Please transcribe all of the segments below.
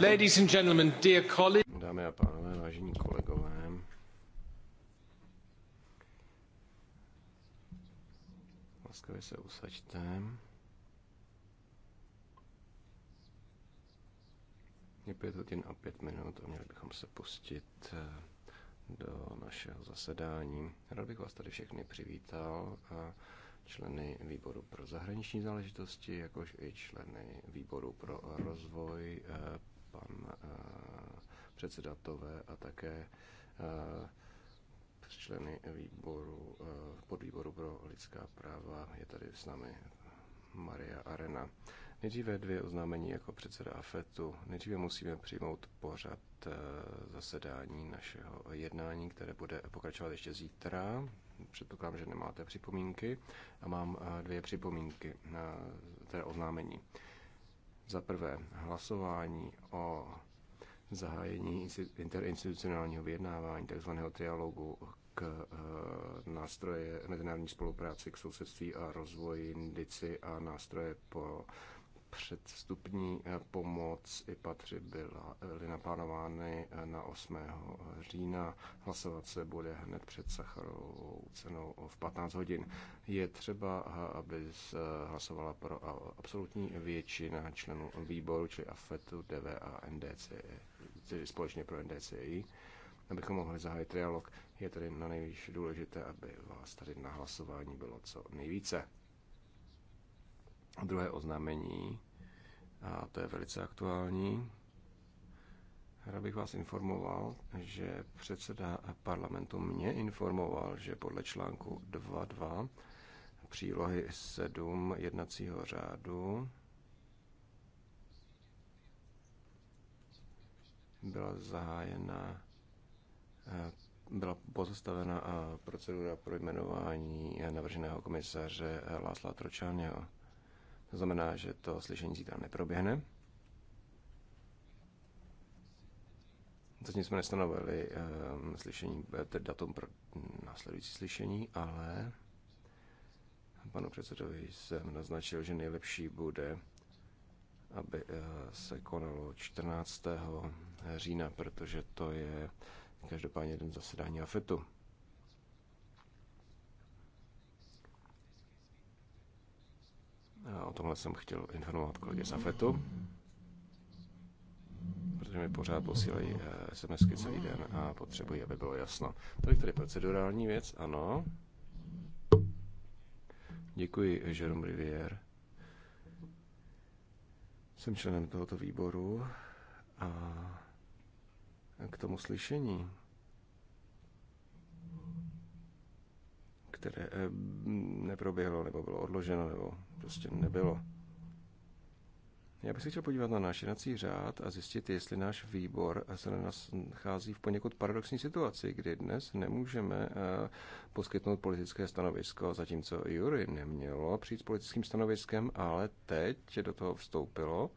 Ladies and gentlemen, dear colleagues. Dámy a pánové, vážení kolegové. Laskavě se usaďte. Je pět hodin a pět minut a měli bychom se pustit eh, do našeho zasedání. Rád bych vás tady všechny přivítal a členy výboru pro zahraniční záležitosti, jakož i členy výboru pro rozvoj, eh, pan eh, předseda Tové a také eh, členy výboru, eh, podvýboru pro lidská práva. Je tady s námi Maria Arena. Nejdříve dvě oznámení jako předseda AFETu. Nejdříve musíme přijmout pořad zasedání našeho jednání, které bude pokračovat ještě zítra. Předpokládám, že nemáte připomínky a mám dvě připomínky na té oznámení. Za prvé hlasování o zahájení interinstitucionálního vyjednávání, takzvaného dialogu k eh, nástroje mezinárodní spolupráci k sousedství a rozvoji Indici a nástroje po předstupní eh, pomoc i patři eh, byly naplánovány eh, na 8. října. Hlasovat se bude hned před Sacharovou cenou v 15 hodin. Je třeba, aby hlasovala pro absolutní většina členů výboru, čili AFETu, DV a NDC, tedy společně pro NDCI, abychom mohli zahájit trialog. Je tedy na nejvíc důležité, aby vás tady na hlasování bylo co nejvíce. A druhé oznámení, a to je velice aktuální, Rád bych vás informoval, že předseda parlamentu mě informoval, že podle článku 2.2 přílohy 7 jednacího řádu byla zahájena byla pozastavena procedura pro jmenování navrženého komisaře Lásla Tročáněho. To znamená, že to slyšení zítra neproběhne. Zatím jsme nestanovili um, slyšení, eh, tedy datum pro následující slyšení, ale panu předsedovi jsem naznačil, že nejlepší bude, aby eh, se konalo 14. října, protože to je každopádně den zasedání AFETu. O tomhle jsem chtěl informovat kolegy z AFETu, protože mi pořád posílají eh, SMSky celý den a potřebují, aby bylo jasno. Tady tady procedurální věc, ano. Děkuji, Jerome Rivière. Jsem členem tohoto výboru a k tomu slyšení které eh, neproběhlo, nebo bylo odloženo, nebo prostě nebylo. Já bych se chtěl podívat na náš jednací řád a zjistit, jestli náš výbor se na nás nachází v poněkud paradoxní situaci, kdy dnes nemůžeme eh, poskytnout politické stanovisko, zatímco Jury nemělo přijít s politickým stanoviskem, ale teď do toho vstoupilo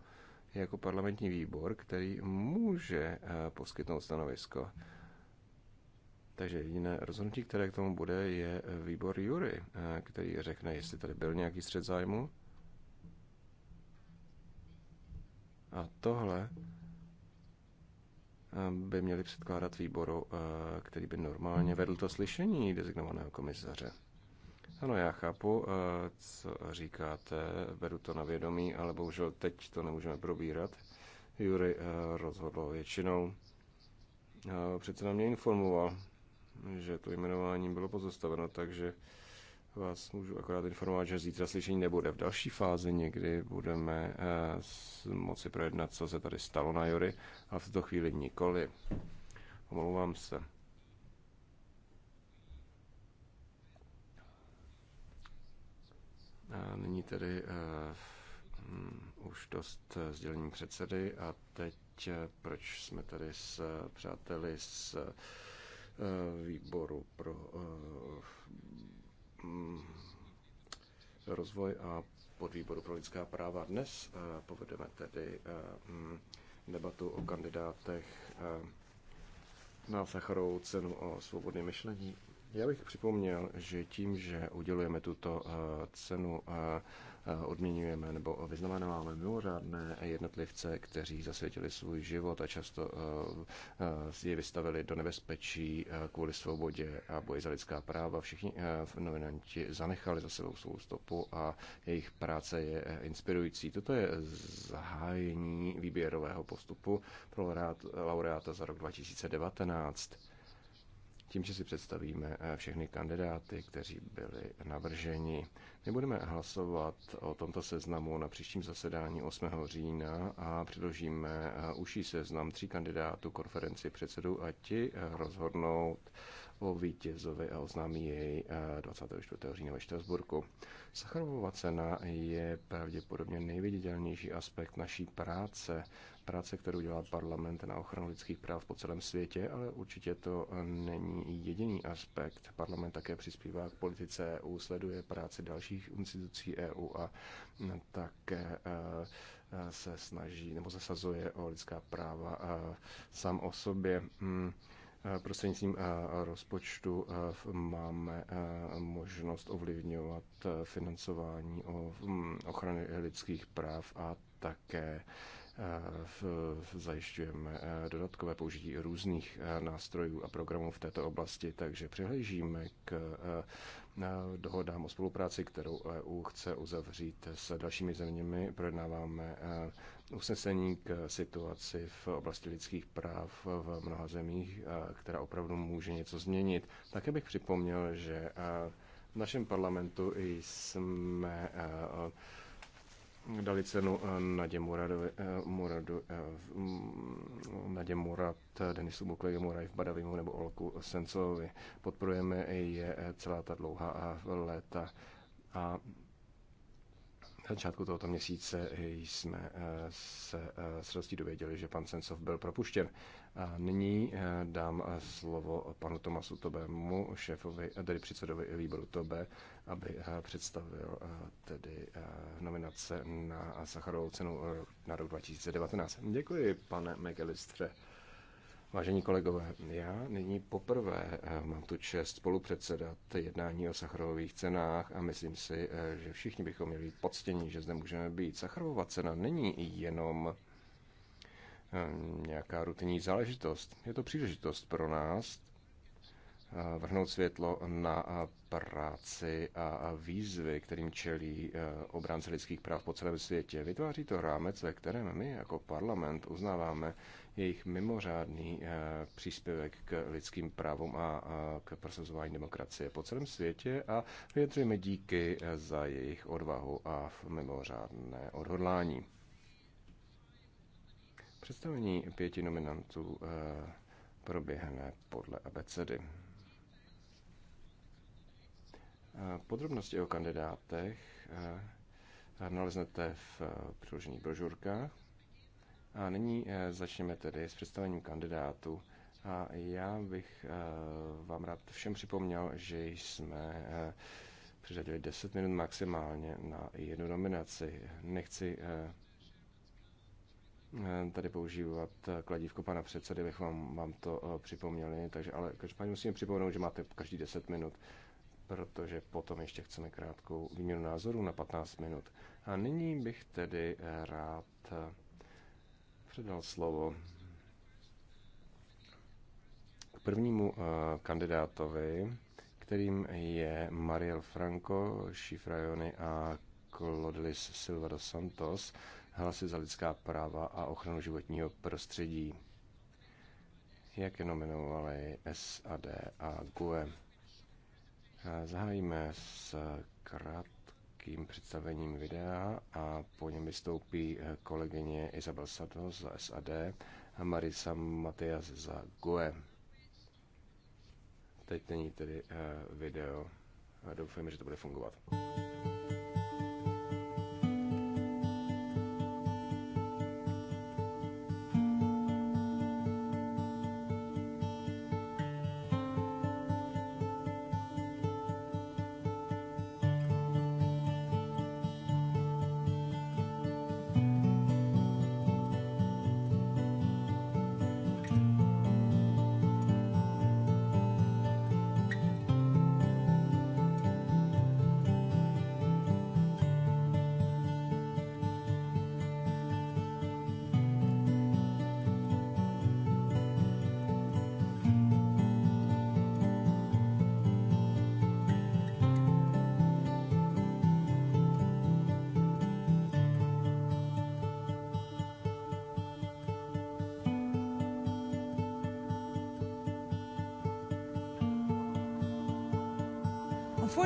jako parlamentní výbor, který může eh, poskytnout stanovisko. Takže jediné rozhodnutí, které k tomu bude, je výbor Jury, eh, který řekne, jestli tady byl nějaký střed zájmu. A tohle eh, by měli předkládat výboru, eh, který by normálně vedl to slyšení designovaného komisaře. Ano, já chápu, co říkáte, beru to na vědomí, ale bohužel teď to nemůžeme probírat. Jury rozhodl většinou. na mě informoval že to jmenování bylo pozastaveno, takže vás můžu akorát informovat, že zítra slyšení nebude. V další fázi někdy budeme eh, moci projednat, co se tady stalo na Jory, a v tuto chvíli nikoli. Omlouvám se. A nyní tedy uh, už dost eh, sdělení předsedy a teď proč jsme tady s přáteli s Eh, výboru pro eh, mm, rozvoj a podvýboru pro lidská práva. Dnes eh, povedeme tedy mm, debatu o kandidátech na Sacharovou cenu o svobodné myšlení. Já bych připomněl, že tím, že udělujeme tuto eh, cenu, eh, odměňujeme nebo vyznamenáváme mimořádné jednotlivce, kteří zasvětili svůj život a často eh, je vystavili do nebezpečí kvůli svobodě a boji za lidská práva. Všichni nominanti zanechali za sebou svou stopu a jejich práce je inspirující. Toto je zahájení výběrového postupu pro laureáta za rok 2019 tím, že si představíme eh, všechny kandidáty, kteří byli navrženi. My budeme hlasovat o tomto seznamu na příštím zasedání 8. října a předložíme eh, uší seznam tří kandidátů konferenci předsedů a ti eh, rozhodnout o vítězovi a oznámí jej 24. října ve Štrasburku. Sacharovová cena je pravděpodobně nejviditelnější aspekt naší práce práce, kterou dělá parlament na ochranu lidských práv po celém světě, ale určitě to není jediný aspekt. Parlament také přispívá k politice EU, sleduje práci dalších institucí EU a také eh, se snaží nebo zasazuje o lidská práva eh, sám o sobě hmm, eh, prostřednictvím rozpočtu máme možnost ovlivňovat financování hmm, ochrany lidských práv a také Eh, zajišťujeme eh, dodatkové použití různých eh, nástrojů a programů v této oblasti, takže přihlížíme k dohodám o spolupráci, kterou EU chce uzavřít s dalšími zeměmi. Projednáváme usnesení k situaci v oblasti lidských práv v mnoha zemích, která opravdu může něco změnit. Také bych připomněl, že v našem parlamentu jsme dali cenu eh, Nadě Muradovi, eh, Muradu, eh, mm, Nadě Murad, Denisu Buklevi, Muraj Badavimu nebo Olku Sencovi. Podporujeme je celá ta dlouhá léta a na začátku tohoto měsíce jsme se s radostí dověděli, že pan Sencov byl propuštěn. A nyní eh, dám eh, slovo panu Tomasu Tobemu, šéfovi, eh, tedy předsedovi výboru Tobe, aby představil tedy nominace na Sacharovou cenu na rok 2019. Děkuji, pane Megalistře. Vážení kolegové, já nyní poprvé mám tu čest spolupředsedat jednání o Sacharových cenách a myslím si, že všichni bychom měli být poctěni, že zde můžeme být. sacharová cena není jenom Ehm, nějaká rutinní záležitost. Je to příležitost pro nás eh, vrhnout světlo na eh, práci a výzvy, kterým čelí eh, obránce lidských práv po celém světě. Vytváří to rámec, ve kterém my jako parlament uznáváme jejich mimořádný příspěvek k lidským právům a k prosazování demokracie po celém světě a vyjadřujeme díky za jejich odvahu a mimořádné odhodlání. Představení pěti nominantů eh, proběhne podle abecedy. Eh, podrobnosti o kandidátech eh, naleznete v přiložených brožurkách. A nyní začneme tedy s představením kandidátu. A já bych vám rád všem připomněl, že jsme přiřadili 10 minut maximálně na jednu nominaci. Nechci Eh, tady používat eh, kladívko pana předsedy, bych vám, vám to eh, připomněli. Takže, ale každopádně musím připomenout, že máte každý 10 minut, protože potom ještě chceme krátkou výměnu názorů na 15 minut. A nyní bych tedy rád předal slovo k prvnímu kandidátovi, kterým je Mariel Franco, Šifrajony a Clodlis Silva dos Santos hlasy za lidská práva a ochranu životního prostředí, jak je nominovali SAD a GUE. Zahájíme s krátkým představením videa a po něm vystoupí kolegyně Isabel Sato za SAD a Marisa Matias za GUE. Teď není tedy eh, video a doufám, že to bude fungovat.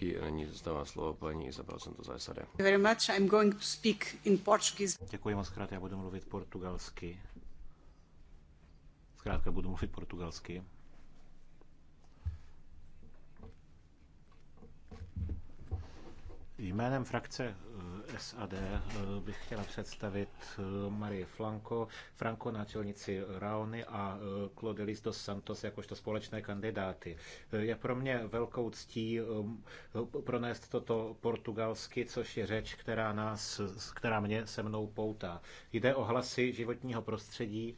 Díky, nyní dostává slovo paní Izabel Santos Zajsade. Děkuji moc krát, já budu mluvit portugalsky. Zkrátka budu mluvit portugalsky. Jménem frakce eh, SAD eh, bych chtěla představit eh, Marie Flanko, Franco náčelnici Raony a eh, Lys dos Santos jakožto společné kandidáty. Je pro mě velkou ctí pronést toto portugalsky, což je řeč, která, nás, která mě se mnou poutá. Jde o hlasy životního prostředí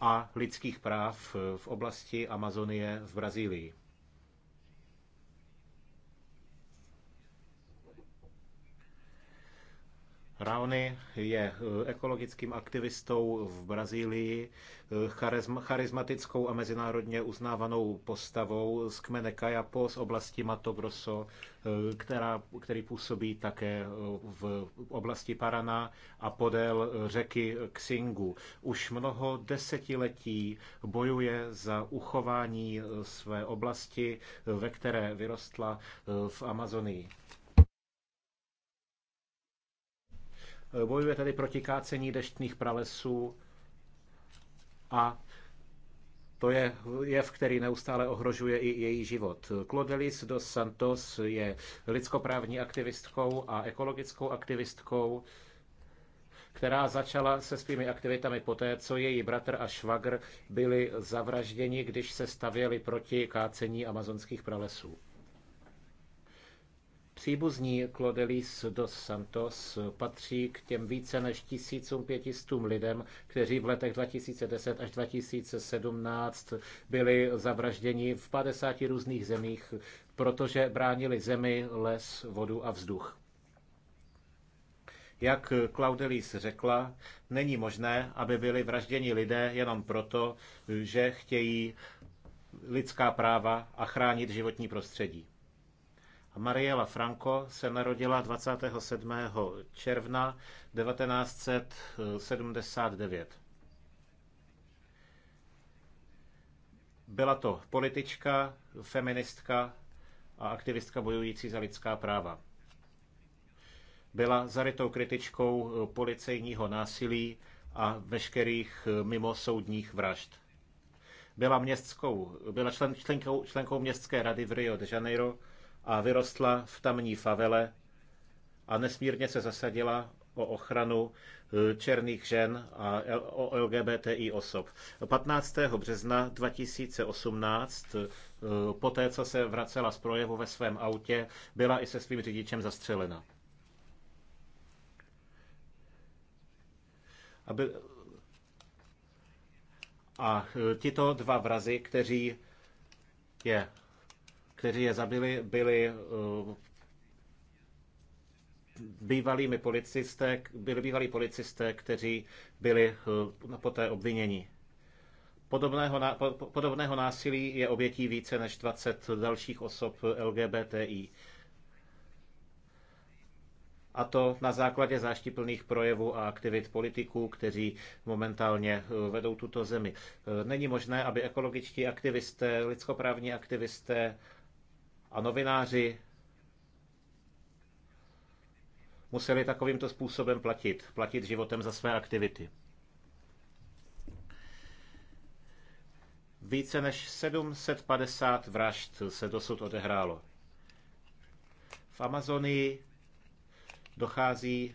a lidských práv v oblasti Amazonie v Brazílii. Raoni je eh, ekologickým aktivistou v Brazílii, eh, charismatickou a mezinárodně uznávanou postavou z kmene Kajapo z oblasti Mato Grosso, eh, která, který působí také v oblasti Parana a podél řeky Xingu. Už mnoho desetiletí bojuje za uchování své oblasti, ve které vyrostla v Amazonii. Eh, bojuje tedy proti kácení deštných pralesů a to je jev, který neustále ohrožuje i její život. Clodelis dos Santos je lidskoprávní aktivistkou a ekologickou aktivistkou, která začala se svými aktivitami poté, co její bratr a švagr byli zavražděni, když se stavěli proti kácení amazonských pralesů. Příbuzní Clodelis dos Santos patří k těm více než 1500 lidem, kteří v letech 2010 až 2017 byli zavražděni v 50 různých zemích, protože bránili zemi, les, vodu a vzduch. Jak Claudelis řekla, není možné, aby byli vražděni lidé jenom proto, že chtějí lidská práva a chránit životní prostředí. Mariela Franco se narodila 27. června 1979. Byla to politička, feministka a aktivistka bojující za lidská práva. Byla zarytou kritičkou policejního násilí a veškerých mimosoudních vražd. Byla, městskou, byla člen, členkou, členkou městské rady v Rio de Janeiro a vyrostla v tamní favele a nesmírně se zasadila o ochranu eh, černých žen a o LGBTI osob. 15. března 2018, eh, poté co se vracela z projevu ve svém autě, byla i se svým řidičem zastřelena. Aby... A eh, tito dva vrazy, kteří je kteří je zabili, byli eh, bývalými policisté, byli bývalí policisté, kteří byli eh, poté obviněni. Podobného, podobného násilí je obětí více než 20 dalších osob LGBTI. A to na základě záštiplných projevů a aktivit politiků, kteří momentálně eh, vedou tuto zemi. Není možné, aby ekologičtí aktivisté, lidskoprávní aktivisté, a novináři museli takovýmto způsobem platit, platit životem za své aktivity. Více než 750 vražd se dosud odehrálo. V Amazonii dochází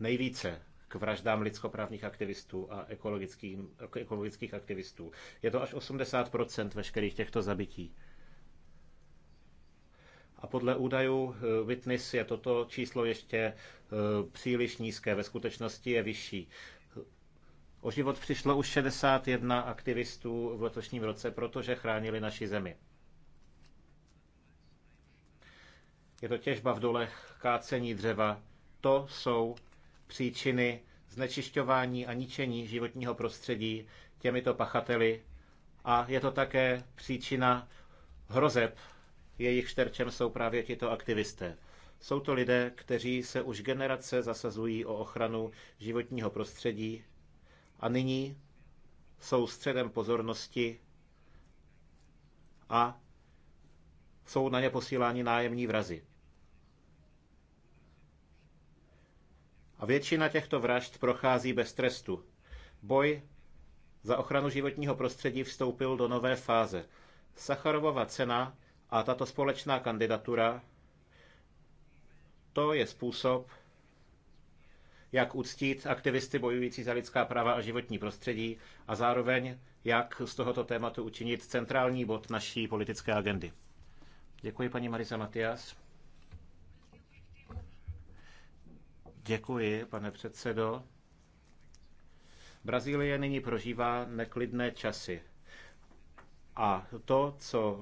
nejvíce k vraždám lidskoprávních aktivistů a ekologických, ekologických aktivistů. Je to až 80 veškerých těchto zabití. A podle údajů eh, Witness je toto číslo ještě eh, příliš nízké, ve skutečnosti je vyšší. O život přišlo už 61 aktivistů v letošním roce, protože chránili naši zemi. Je to těžba v dolech, kácení dřeva. To jsou příčiny znečišťování a ničení životního prostředí těmito pachateli. A je to také příčina hrozeb jejich šterčem jsou právě tito aktivisté. Jsou to lidé, kteří se už generace zasazují o ochranu životního prostředí a nyní jsou středem pozornosti a jsou na ně posíláni nájemní vrazy. A většina těchto vražd prochází bez trestu. Boj za ochranu životního prostředí vstoupil do nové fáze. Sacharovova cena a tato společná kandidatura, to je způsob, jak uctít aktivisty bojující za lidská práva a životní prostředí a zároveň, jak z tohoto tématu učinit centrální bod naší politické agendy. Děkuji paní Marisa Matias. Děkuji, pane předsedo. Brazílie nyní prožívá neklidné časy. A to, co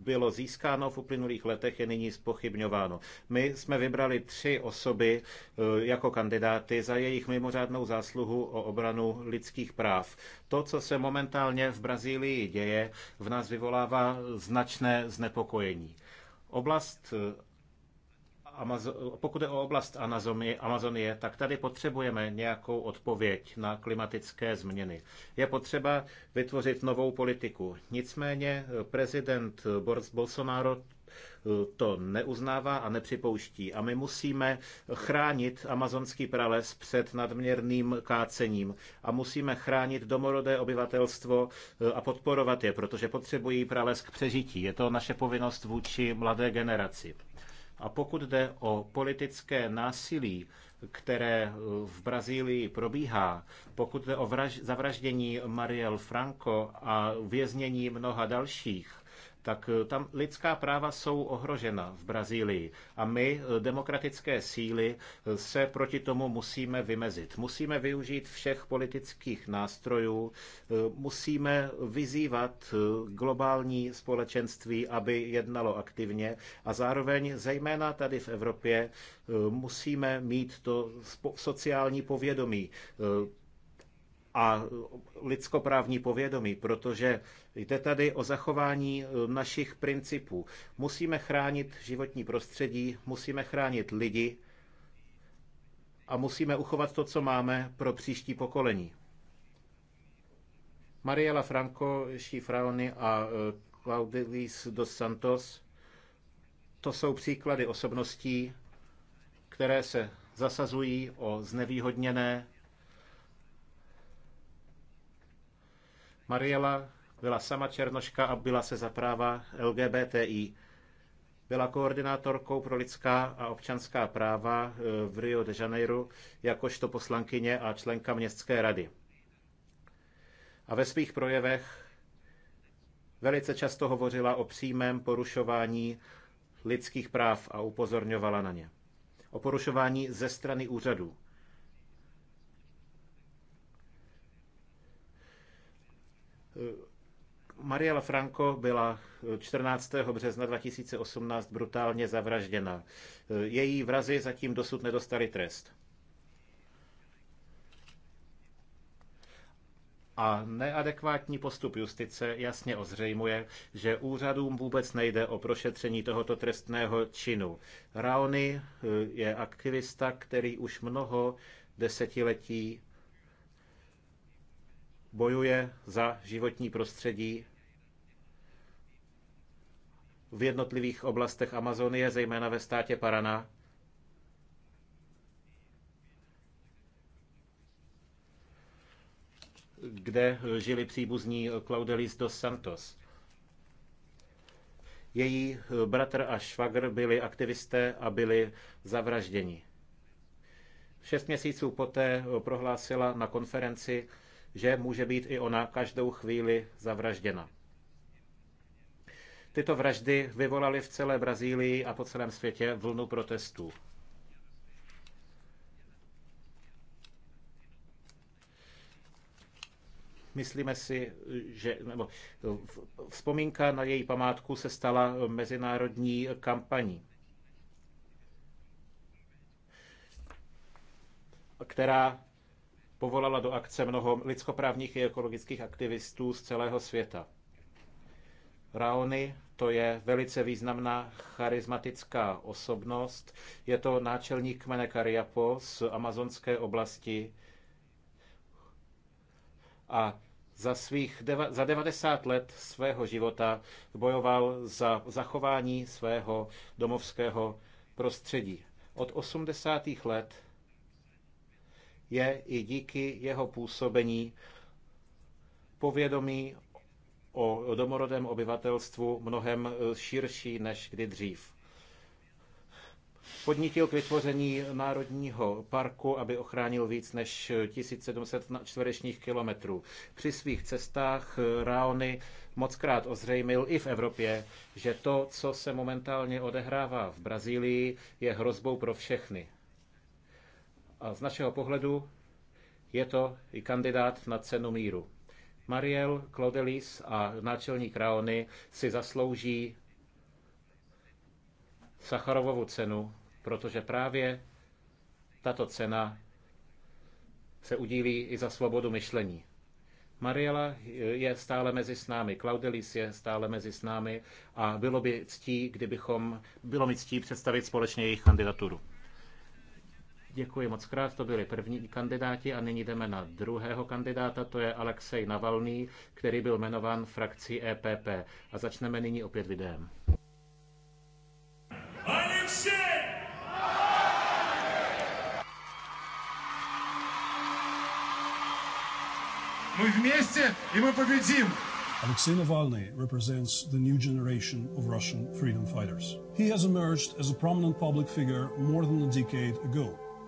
bylo získáno v uplynulých letech, je nyní spochybňováno. My jsme vybrali tři osoby e, jako kandidáty za jejich mimořádnou zásluhu o obranu lidských práv. To, co se momentálně v Brazílii děje, v nás vyvolává značné znepokojení. Oblast e, Amazo- pokud je o oblast Amazonie, tak tady potřebujeme nějakou odpověď na klimatické změny. Je potřeba vytvořit novou politiku. Nicméně eh, prezident Bolsonaro eh, to neuznává a nepřipouští. A my musíme chránit amazonský prales před nadměrným kácením a musíme chránit domorodé obyvatelstvo eh, a podporovat je, protože potřebují prales k přežití. Je to naše povinnost vůči mladé generaci. A pokud jde o politické násilí, které v Brazílii probíhá, pokud jde o vraž- zavraždění Mariel Franco a věznění mnoha dalších, tak eh, tam lidská práva jsou ohrožena v Brazílii. A my, eh, demokratické síly, eh, se proti tomu musíme vymezit. Musíme využít všech politických nástrojů, musíme vyzývat globální společenství, aby jednalo aktivně a zároveň zejména tady v Evropě musíme mít to sociální povědomí, a lidskoprávní povědomí, protože jde tady o zachování eh, našich principů. Musíme chránit životní prostředí, musíme chránit lidi a musíme uchovat to, co máme pro příští pokolení. Mariela Franco, Šifraony a eh, Claudelis dos Santos, to jsou příklady osobností, které se zasazují o znevýhodněné Mariela byla sama černoška a byla se za práva LGBTI. Byla koordinátorkou pro lidská a občanská práva eh, v Rio de Janeiro jakožto poslankyně a členka městské rady. A ve svých projevech velice často hovořila o přímém porušování lidských práv a upozorňovala na ně. O porušování ze strany úřadů. Eh, Mariela Franco byla 14. Eh, března 2018 brutálně zavražděna. Eh, její vrazy zatím dosud nedostali trest. A neadekvátní postup justice jasně ozřejmuje, že úřadům vůbec nejde o prošetření tohoto trestného činu. Raony je aktivista, který už mnoho desetiletí bojuje za životní prostředí v jednotlivých oblastech Amazonie, zejména ve státě Parana. kde žili příbuzní Claudelis dos Santos. Její bratr a švagr byli aktivisté a byli zavražděni. Šest měsíců poté prohlásila na konferenci že může být i ona každou chvíli zavražděna. Tyto vraždy vyvolaly v celé Brazílii a po celém světě vlnu protestů. myslíme si, že nebo vzpomínka na její památku se stala mezinárodní kampaní, která povolala do akce mnoho lidskoprávních i ekologických aktivistů z celého světa. Raony to je velice významná charismatická osobnost. Je to náčelník kmene Kariapo z amazonské oblasti. A za, svých deva, za 90 let svého života bojoval za zachování svého domovského prostředí. Od 80. let je i díky jeho působení povědomí o domorodém obyvatelstvu mnohem e, širší než kdy dřív. Podnítil k vytvoření Národního parku, aby ochránil víc než 1700 čtverečních kilometrů. Při svých cestách e, Raony mockrát ozřejmil i v Evropě, že to, co se momentálně odehrává v Brazílii, je hrozbou pro všechny. A z našeho pohledu je to i kandidát na cenu míru. Mariel Clodelis a náčelník Raony si zaslouží Sacharovovu cenu, protože právě tato cena se udílí i za svobodu myšlení. Mariela je stále mezi s námi, Claudelis je stále mezi s námi a bylo by ctí, kdybychom, bylo mi ctí představit společně jejich kandidaturu. Děkuji moc krát, to byli první kandidáti a nyní jdeme na druhého kandidáta, to je Alexej Navalný, který byl jmenován frakcí EPP. A začneme nyní opět videem. Мы вместе, и мы победим! Alexei Navalny represents the new generation of Russian freedom fighters. He has emerged as a prominent public figure more than a decade ago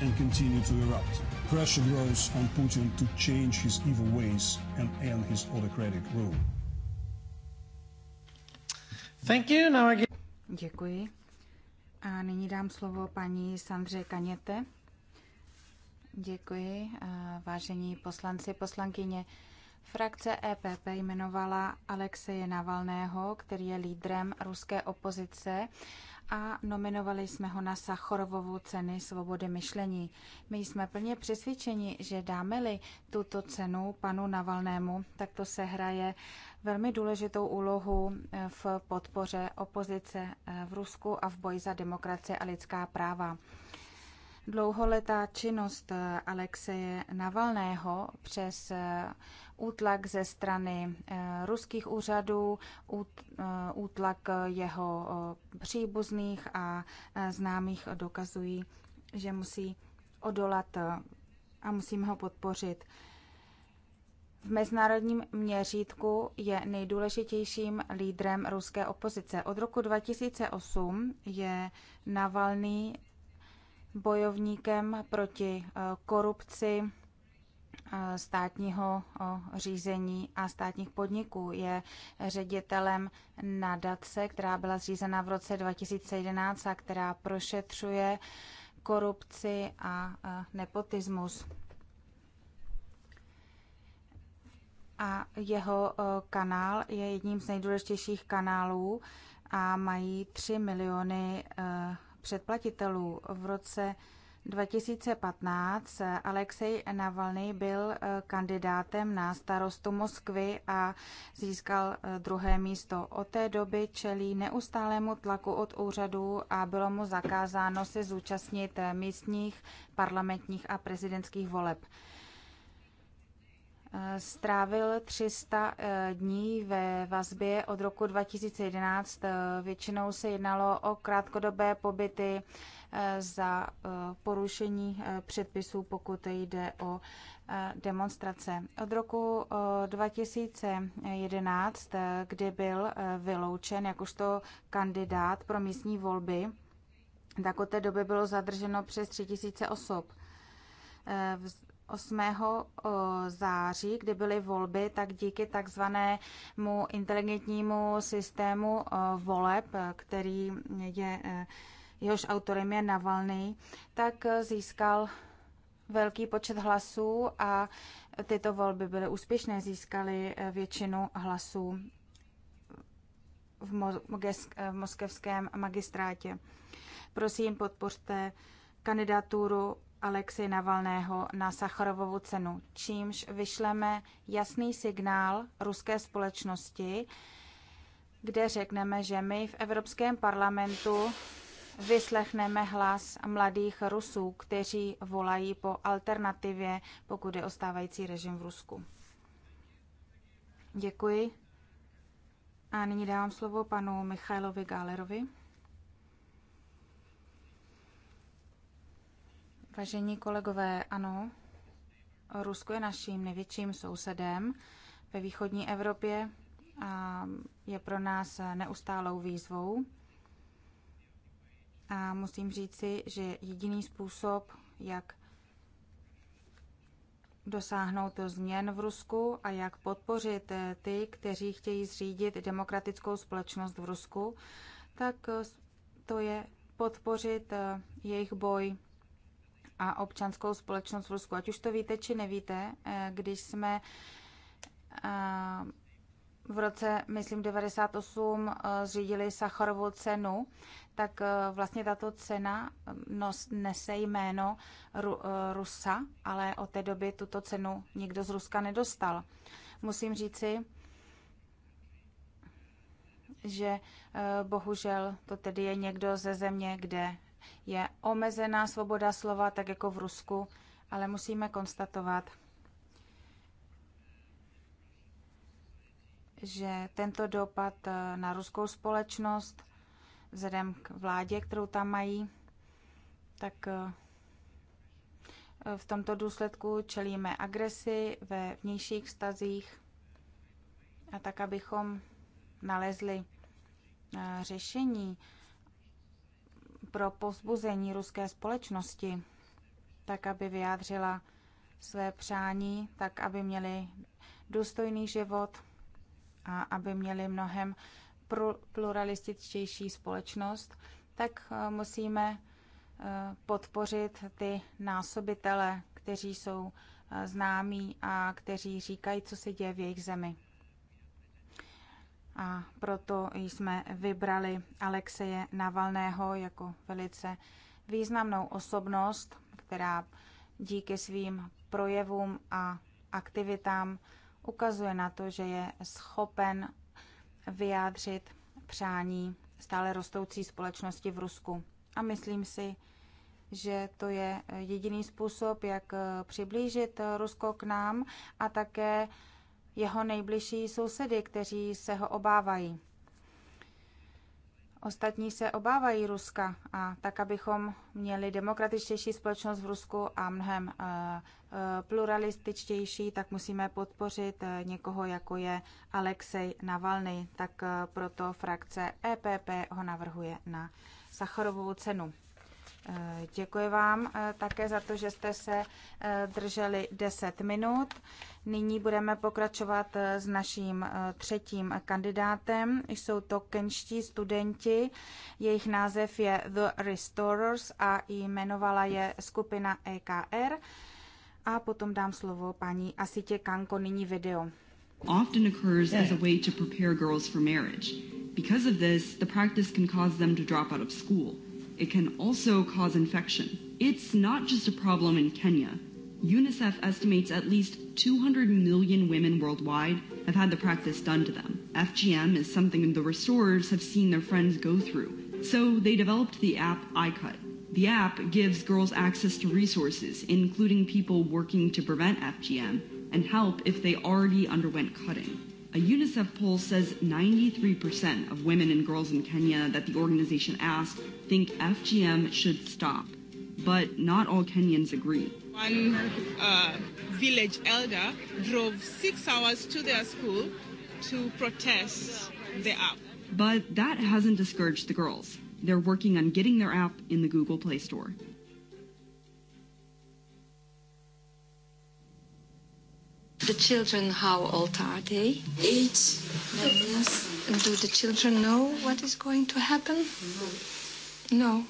and continue to erupt. Pressure grows on Putin to change his evil ways and end his autocratic rule. Thank you. Now I give... Děkuji. A nyní dám slovo paní Sandře Kaněte. Děkuji. Vážení poslanci, poslankyně, frakce EPP jmenovala Alexeje Navalného, který je lídrem ruské opozice a nominovali jsme ho na Sachorovovu ceny svobody myšlení. My jsme plně přesvědčeni, že dáme-li tuto cenu panu Navalnému, tak to se hraje velmi důležitou úlohu eh, v podpoře opozice eh, v Rusku a v boji za demokracie a lidská práva. Dlouholetá činnost Alexeje Navalného přes eh, útlak ze strany eh, ruských úřadů, eh, útlak jeho příbuzných a známých dokazují, že musí odolat a musíme ho podpořit. V mezinárodním měřítku je nejdůležitějším lídrem ruské opozice. Od roku 2008 je Navalný bojovníkem proti eh, korupci eh, státního řízení a státních podniků. Je ředitelem nadace, která byla zřízena v roce 2011 a která prošetřuje korupci a eh, nepotismus. A jeho kanál je jedním z nejdůležitějších kanálů a mají 3 miliony předplatitelů. V roce 2015 Alexej Navalny byl eh, kandidátem na starostu Moskvy a získal eh, druhé místo. Od té doby čelí neustálému tlaku od úřadů a bylo mu zakázáno se zúčastnit eh, místních parlamentních a prezidentských voleb. Strávil 300 eh, dní ve vazbě od roku 2011. Eh, většinou se jednalo o krátkodobé pobyty eh, za porušení předpisů, pokud jde o demonstrace. Od roku 2011, kdy byl vyloučen jakožto kandidát pro místní volby, tak od té doby bylo zadrženo přes 3000 osob. 8. září, kdy byly volby, tak díky takzvanému inteligentnímu systému voleb, který je, e, jehož autorem je Navalny, tak získal velký počet hlasů a tyto volby byly úspěšné, získaly e, většinu hlasů v, mo- e, moskevském magistrátě. Prosím, podpořte kandidaturu Alexi Navalného na Sacharovovu cenu, čímž vyšleme jasný signál ruské společnosti, kde řekneme, že my v Evropském parlamentu vyslechneme hlas mladých Rusů, kteří volají po alternativě, pokud je o stávající režim v Rusku. Děkuji. A nyní dávám slovo panu Michailovi Gálerovi. Vážení kolegové, ano, Rusko je naším největším sousedem ve východní Evropě a je pro nás neustálou výzvou. A musím říci, že jediný způsob, jak dosáhnout změn v Rusku a jak podpořit ty, kteří chtějí zřídit demokratickou společnost v Rusku, tak to je podpořit jejich boj a občanskou společnost v Rusku. Ať už to víte, či nevíte, eh, když jsme eh, v roce, myslím, 98 eh, zřídili Sacharovou cenu, tak vlastně tato cena nos, nese jméno Ru, Rusa, ale od té doby tuto cenu nikdo z Ruska nedostal. Musím říci, že bohužel to tedy je někdo ze země, kde je omezená svoboda slova, tak jako v Rusku, ale musíme konstatovat, že tento dopad eh, na ruskou společnost vzhledem k vládě, kterou tam mají, tak eh, v tomto důsledku čelíme agresi ve vnějších vztazích a tak, abychom nalezli eh, řešení pro pozbuzení ruské společnosti, tak aby vyjádřila své přání, tak aby měli důstojný život a aby měli mnohem pluralističtější společnost, tak eh, musíme eh, podpořit ty násobitele, kteří jsou eh, známí a kteří říkají, co se děje v jejich zemi. A proto jsme vybrali Alexeje Navalného jako velice významnou osobnost, která díky svým projevům a aktivitám ukazuje na to, že je schopen vyjádřit přání stále rostoucí společnosti v Rusku. A myslím si, že to je jediný způsob, jak přiblížit Rusko k nám a také jeho nejbližší sousedy, kteří se ho obávají. Ostatní se obávají Ruska a tak, abychom měli demokratičtější společnost v Rusku a mnohem eh, eh, pluralističtější, tak musíme podpořit eh, někoho, jako je Alexej Navalny. Tak proto frakce EPP ho navrhuje na Sacharovou cenu. Děkuji vám eh, také za to, že jste se eh, drželi 10 minut. Nyní budeme pokračovat eh, s naším třetím kandidátem. Jsou to kenští studenti. Jejich název je The Restorers a jmenovala je skupina EKR. A potom dám slovo paní Asitě Kanko, nyní video. Often occurs as a way to prepare girls for marriage. Because of this, the practice can cause them to drop out of school it can also cause infection. It's not just a problem in Kenya. UNICEF estimates at least 200 million women worldwide have had the practice done to them. FGM is something the restorers have seen their friends go through, so they developed the app iCut. The app gives girls access to resources, including people working to prevent FGM, and help if they already underwent cutting. A UNICEF poll says 93% of women and girls in Kenya that the organization asked think FGM should stop. But not all Kenyans agree. One uh, village elder drove six hours to their school to protest the app. But that hasn't discouraged the girls. They're working on getting their app in the Google Play Store. The children, how old are they? Eight. Yes. Do the children know what is going to happen? No. No.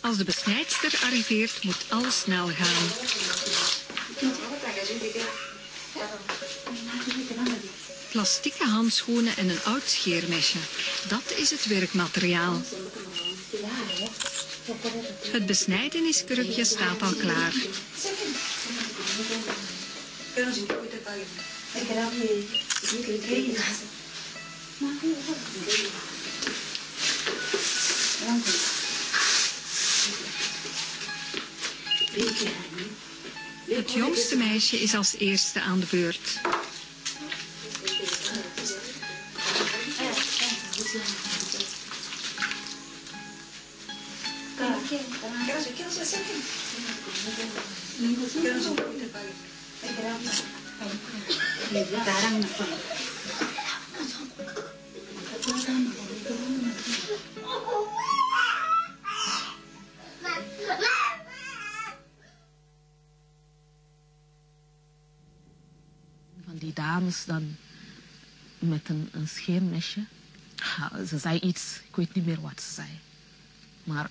Als de besnijdster arriveert, moet alles snel gaan. Plastieke handschoenen en een oud scheermesje. Dat is het werkmateriaal. Het besnijdeniskrukje staat al klaar. 뼈를 진짜 어디다 가겠네. 이렇게 나무에 이렇게 이렇게 나서. Het jongste meisje is als eerste aan de beurt. Gracias. Van die dames dan met een, een scheermesje. Ze zei iets, ik weet niet meer wat ze zei. Maar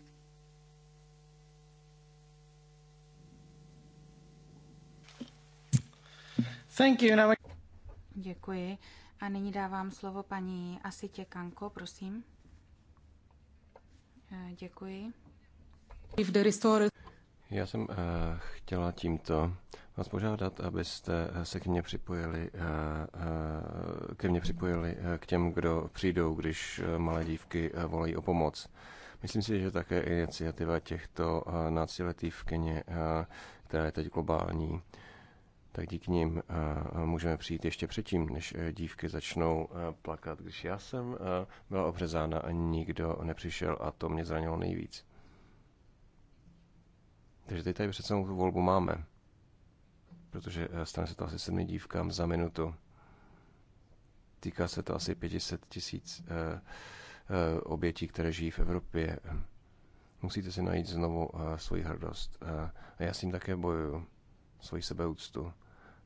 Thank you. Now... Děkuji. A nyní dávám slovo paní Asitě Kanko, prosím. Eh, děkuji. No Já jsem eh, chtěla tímto vás požádat, abyste eh, se k mně připojili, ke mně připojili k těm, kdo přijdou, když malé dívky volají o pomoc. Myslím si, že také iniciativa těchto náctiletý v Keně, která je teď globální, tak díky nim eh, můžeme přijít ještě předtím, než eh, dívky začnou eh, plakat. Když já jsem byla obřezána a nikdo nepřišel a to mě zranilo nejvíc. Takže teď tady přece tu volbu máme. Protože stane se to asi sedmi dívkám za minutu. Týká se to asi 500 tisíc obětí, které žijí v Evropě. Musíte si najít znovu svoji hrdost. A já s tím také bojuju svoji sebeúctu.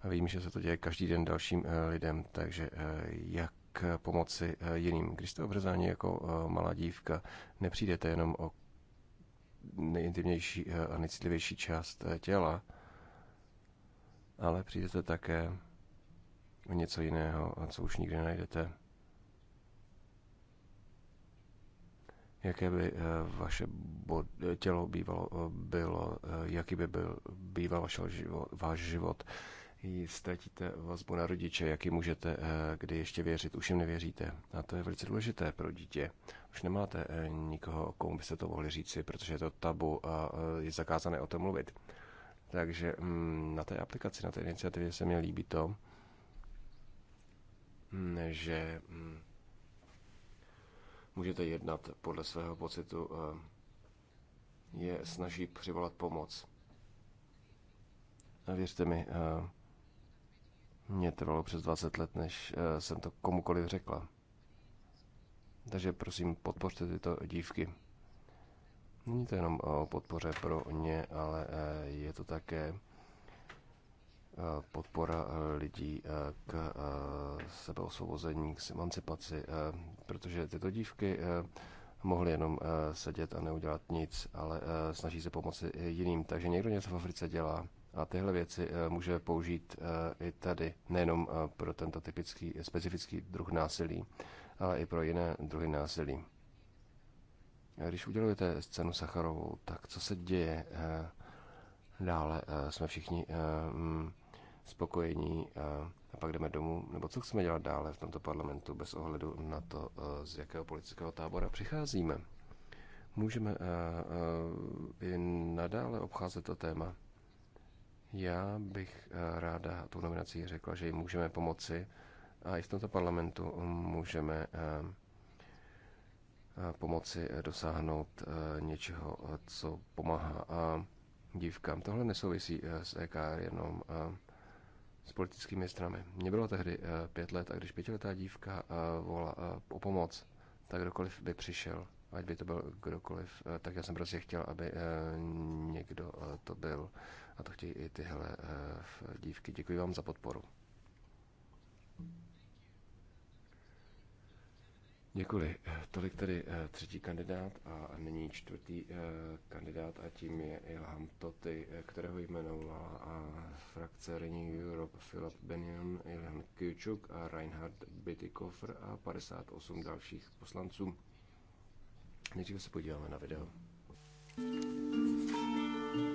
Vím, že se to děje každý den dalším eh, lidem, takže eh, jak eh, pomoci jiným? Když jste obřezáni jako malá dívka, nepřijdete jenom o nejintimnější a nejcitlivější část těla, ale přijdete také o něco jiného, co už nikdy najdete. jaké by vaše tělo bývalo, bylo, jaký by byl, býval vaš život, váš život, ztratíte vazbu na rodiče, jak ji můžete, eh, kdy ještě věřit, už jim nevěříte. A to je velice důležité pro dítě. Už nemáte eh, nikoho, komu byste to mohli říci, protože je to tabu a eh, je zakázané o tom mluvit. Takže mm, na té aplikaci, na té iniciativě se mi líbí to, mm, že mm, můžete jednat podle svého pocitu, je snaží přivolat pomoc. A věřte mi, mně trvalo přes 20 let, než eh, jsem to komukoliv řekla. Takže prosím, podpořte tyto dívky. Není to jenom o podpoře pro ně, ale eh, je to také eh, podpora lidí k sebeosvobození, k emancipaci, protože tyto dívky mohly jenom sedět a neudělat nic, ale snaží se pomoci jiným. Takže někdo něco v Africe dělá a tyhle věci eh, může použít eh, i tady, nejenom eh, pro tento typický, specifický druh násilí, ale i pro jiné druhy násilí. Když udělujete scénu Sacharovou, tak co se děje dále? Jsme všichni mm, spokojení a pak jdeme domů? Nebo co chceme dělat dále v tomto parlamentu bez ohledu na to, z jakého politického tábora přicházíme? Můžeme i nadále obcházet to téma já bych eh, ráda tu nominací řekla, že jim můžeme pomoci a i v tomto parlamentu mm, můžeme eh, eh, pomoci dosáhnout něčeho, co pomáhá a dívkám. Tohle nesouvisí s EKR jenom s politickými stranami. Mně bylo tehdy pět let a když pětiletá dívka volá o pomoc, tak kdokoliv by přišel, ať by to byl kdokoliv, tak já jsem prostě chtěl, aby někdo to byl. A to chtějí i tyhle eh, dívky. Děkuji vám za podporu. Děkuji. Tolik tedy eh, třetí kandidát a nyní čtvrtý eh, kandidát a tím je Ilham Toty, kterého jmenovala a frakce Renew Europe Philip Benion, Ilham Kyučuk a Reinhard Bitikofr a 58 dalších poslanců. Nejdříve se podíváme na video. mm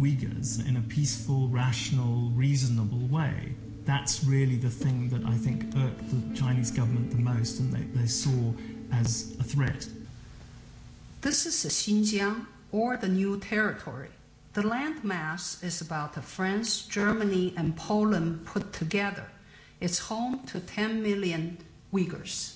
Uyghurs in a peaceful, rational, reasonable way. That's really the thing that I think irked the Chinese government the most and they, they saw as a threat. This is Xinjiang or the new territory. The landmass is about France, Germany, and Poland put together. It's home to 10 million Uyghurs.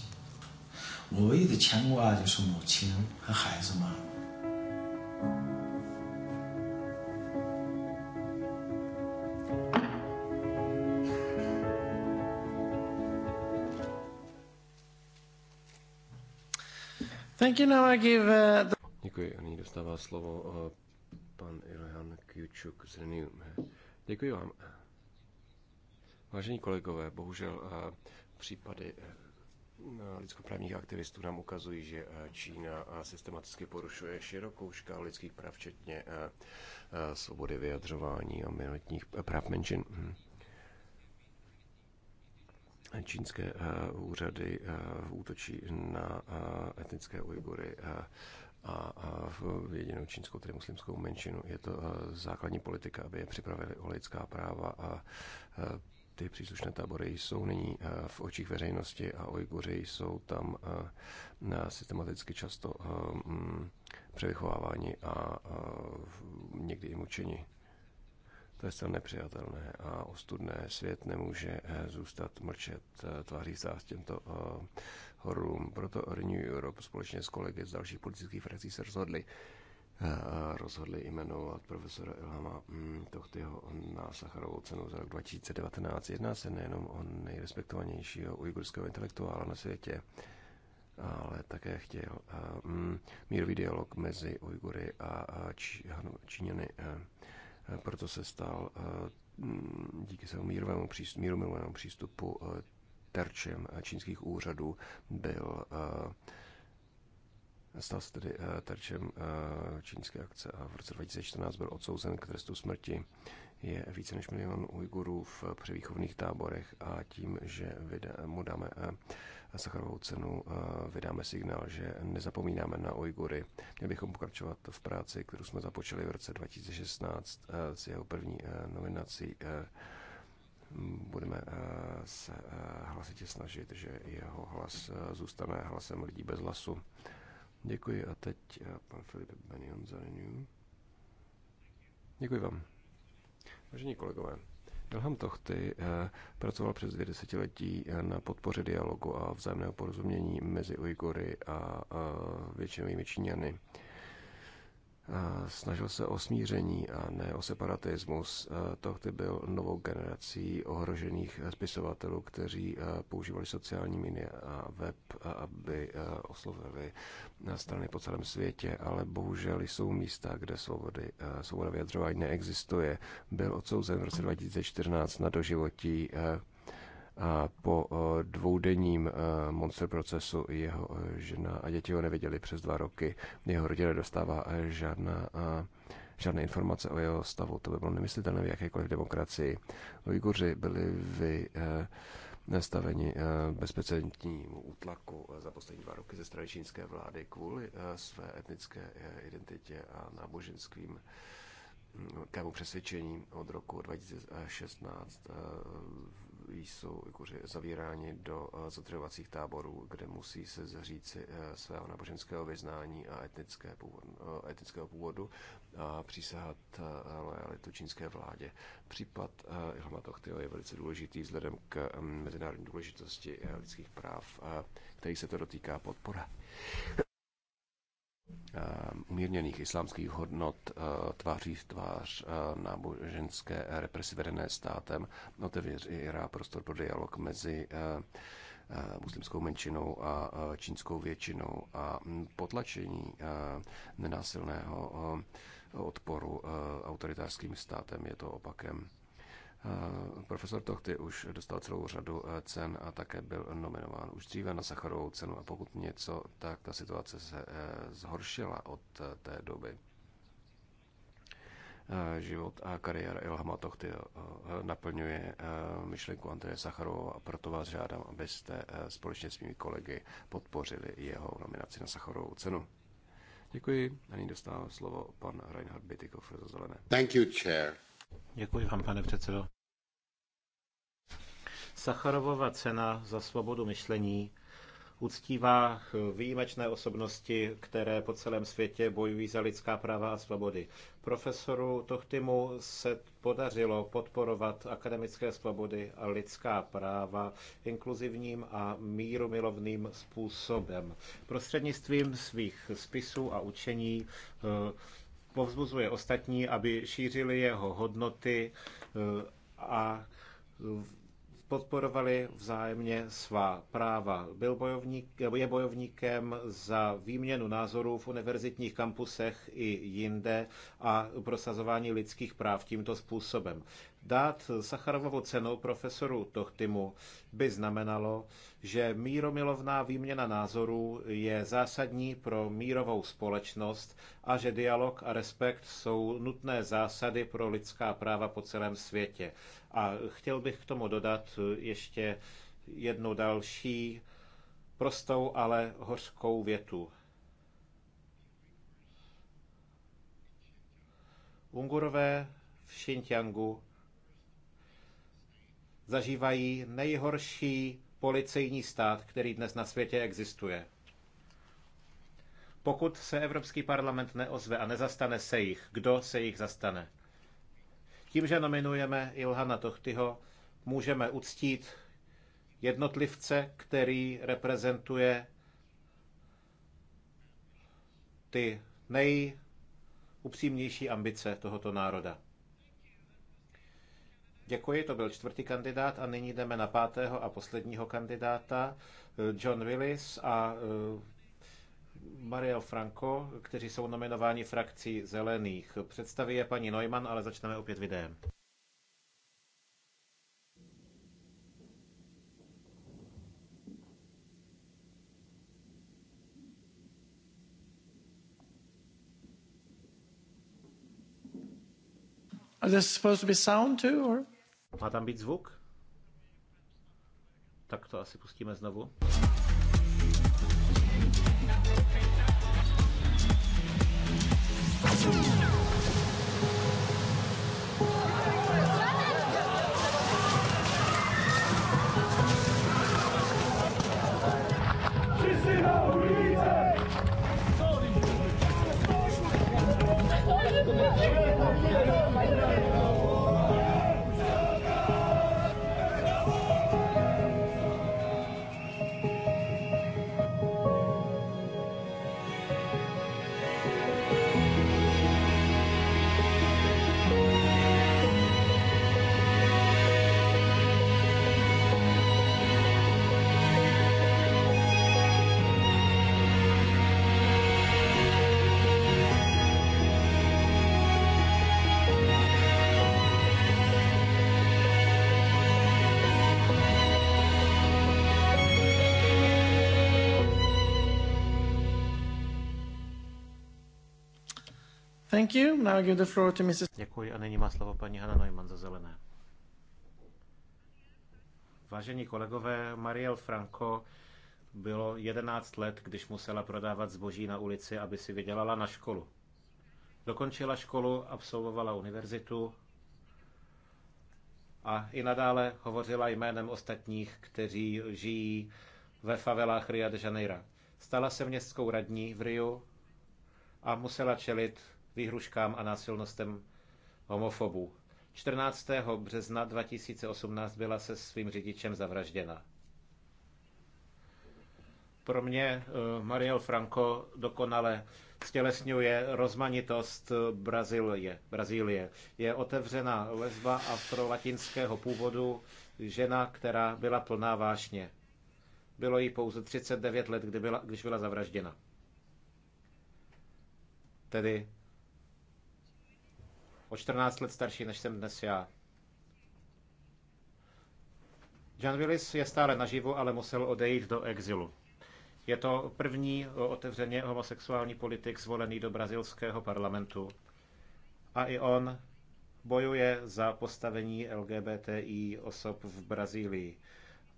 我唯一的牵挂就是母亲和孩子嘛。Thank you, now I give, uh, the... Děkuji, nyní dostává slovo uh, pan Ilhan Kjučuk z Renew. Děkuji vám. Vážení kolegové, bohužel uh, případy uh, lidskoprávních aktivistů nám ukazují, že eh, Čína eh, systematicky porušuje širokou škálu lidských práv, včetně eh, svobody vyjadřování a minoritních práv menšin. Hmm. Čínské úřady útočí na etnické Ujgury a v jedinou čínskou, tedy muslimskou menšinu. Je to základní politika, aby je připravili o lidská práva a ty příslušné tábory jsou nyní eh, v očích veřejnosti a Ojguři jsou tam eh, systematicky často eh, mm, převychováváni a někdy i mučeni. To je zcela nepřijatelné a ostudné. Svět nemůže zůstat mlčet tváří s těmto horům. Proto Renew Europe společně s kolegy z dalších politických frakcí se rozhodli, Eh, rozhodli jmenovat profesora Ilhama mm, Tohtyho na Sacharovou cenu za rok 2019. Jedná se nejenom o nejrespektovanějšího ujgurského intelektuála na světě, ale také chtěl eh, mm, mírový dialog mezi Ujgury a Číňany. Eh, proto se stal mm, díky svému mírovému přístupu, míru přístupu terčem čínských úřadů byl Stal se tedy eh, terčem eh, čínské akce a v roce 2014 byl odsouzen k trestu smrti. Je více než milion Ujgurů v převýchovných táborech a tím, že mu dáme eh, Sacharovou cenu, vydáme signál, že nezapomínáme na Ujgury. Měli bychom pokračovat v práci, kterou jsme započali v roce 2016 s jeho první nominací. Budeme se hlasitě snažit, že jeho hlas zůstane hlasem lidí bez hlasu. Děkuji a teď eh, pan Filip Benion za Děkuji vám. Vážení kolegové, Ilham Tochty eh, pracoval přes dvě desetiletí eh, na podpoře dialogu a vzájemného porozumění mezi Ujgury a většinovými Číňany snažil se o smíření a ne o separatismus. To byl novou generací ohrožených spisovatelů, kteří e, používali sociální média a web, aby e, oslovili e, strany po celém světě, ale bohužel jsou místa, kde svobody, svoboda vyjadřování neexistuje. Byl odsouzen v roce 2014 na doživotí a po eh, dvoudenním eh, monster procesu jeho eh, žena a děti ho neviděli přes dva roky. Jeho rodina dostává žádná, žádné informace o jeho stavu. To by bylo nemyslitelné v jakékoliv demokracii. Ujguři byli vy nastaveni bezprecedentnímu útlaku za poslední dva roky ze strany čínské vlády kvůli své etnické identitě a náboženským hm, kému přesvědčení od roku 2016 jsou jakože zavíráni do eh, zatřebovacích táborů, kde musí se zříci eh, svého náboženského vyznání a etnické původ, eh, etnického původu a přísahat lojalitu čínské vládě. Případ Ilhama Tochtio je velice důležitý vzhledem k mm, mezinárodní důležitosti lidských práv, který se to dotýká podpora. Ehm, umírněných islámských hodnot eh, tváří v tvář eh, náboženské represi vedené státem otevírá prostor pro dialog mezi eh, muslimskou menšinou a čínskou většinou a hm, potlačení nenásilného odporu autoritářským státem je to opakem Eh, profesor Tochty už dostal celou řadu eh, cen a také byl nominován už dříve na Sacharovou cenu a pokud něco, tak ta situace se eh, zhoršila od té doby. Život a kariéra Ilhama Tochty naplňuje myšlenku Andreje Sacharova a proto vás žádám, abyste společně s mými kolegy podpořili jeho nominaci na Sacharovou cenu. Děkuji. A nyní dostává slovo pan Reinhard Bitikov za zelené. Thank you, chair. Děkuji vám, pane předsedo. Sacharovova cena za svobodu myšlení uctívá výjimečné osobnosti, které po celém světě bojují za lidská práva a svobody. Profesoru Tochtymu se podařilo podporovat akademické svobody a lidská práva inkluzivním a mírumilovným způsobem. Prostřednictvím svých spisů a učení eh, povzbuzuje ostatní, aby šířili jeho hodnoty eh, a podporovali vzájemně svá práva. Byl bojovník, je bojovníkem za výměnu názorů v univerzitních kampusech i jinde a prosazování lidských práv tímto způsobem. Dát Sacharovovu cenu profesoru Tochtimu by znamenalo, že míromilovná výměna názorů je zásadní pro mírovou společnost a že dialog a respekt jsou nutné zásady pro lidská práva po celém světě. A chtěl bych k tomu dodat ještě jednu další prostou, ale hořkou větu. Ungurové v Xinjiangu zažívají nejhorší policejní stát, který dnes na světě existuje. Pokud se Evropský parlament neozve a nezastane se jich, kdo se jich zastane? Tím, že nominujeme Ilhana Tochtyho, můžeme uctít jednotlivce, který reprezentuje ty nejupřímnější ambice tohoto národa. Děkuji, to byl čtvrtý kandidát a nyní jdeme na pátého a posledního kandidáta, eh, John Willis a eh, Mario Franco, kteří jsou nominováni frakcí Zelených. Představí je paní Neumann, ale začneme opět videem. supposed to be sound too, or? Má tam být zvuk? Tak to asi pustíme znovu. Thank you. Now I give the floor to Mrs. Děkuji a nyní má slovo paní Hanna Neumann za zelené. Vážení kolegové, Mariel Franco bylo 11 let, když musela prodávat zboží na ulici, aby si vydělala na školu. Dokončila školu, absolvovala univerzitu a i nadále hovořila jménem ostatních, kteří žijí ve favelách Rio de Janeiro. Stala se městskou radní v Riu a musela čelit výhruškám a násilnostem homofobů. 14. března 2018 byla se svým řidičem zavražděna. Pro mě eh, Mariel Franco dokonale stělesňuje rozmanitost Brazílie. Brazílie. Je otevřená lesba afrolatinského původu, žena, která byla plná vášně. Bylo jí pouze 39 let, kdy byla, když byla zavražděna. Tedy o 14 let starší, než jsem dnes já. John Willis je stále naživu, ale musel odejít do exilu. Je to první otevřeně homosexuální politik zvolený do brazilského parlamentu. A i on bojuje za postavení LGBTI osob v Brazílii.